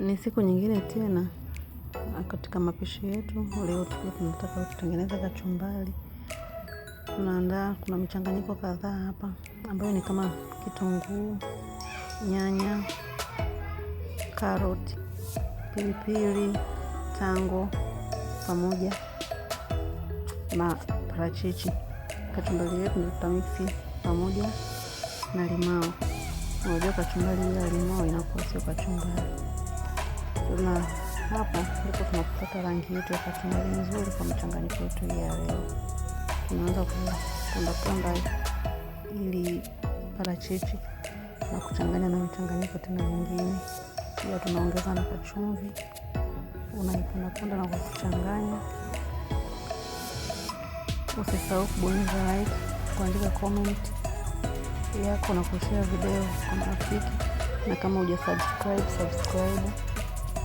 Ni siku nyingine tena ah, katika mapishi yetu. Leo tukiwa tunataka kutengeneza kachumbari, tunaandaa kuna michanganyiko kadhaa hapa ambayo ni kama kitunguu, nyanya, karoti, pilipili, tango pamoja na parachichi. Kachumbari yetu ndio tutamiksi pamoja na limao. Unajua kachumbari ya limao inakuwa sio kachumbari tuna hapa ndipo tunapata rangi yetu ya kachumbari nzuri kwa mchanganyiko wetu ya leo. Tunaanza kupondaponda ili parachichi na kuchanganya na mchanganyiko tena mwingine, pia tunaongeza na kachumvi, unaipondaponda na kuchanganya. Usisahau kubonyeza like, kuandika comment yako na kushare video kwa marafiki, na kama hujasubscribe subscribe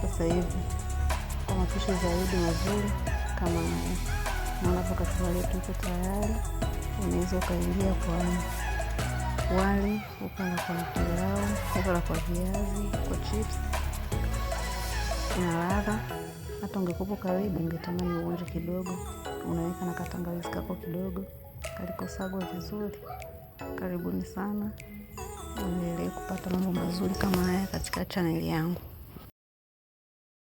sasa hivi kwa mapishi zaidi mazuri kama haya. Naona kachumbari yetu tayari, unaweza ukaingia kwa wali, ukala kwa pilau, ukala kwa viazi, kwa chips na ladha. Hata ungekupo karibu, ungetamani uonje kidogo. Unaweka na katangawizi kako kidogo kalikosagwa vizuri. Karibuni sana, uendelee kupata mambo mazuri kama haya katika chaneli yangu.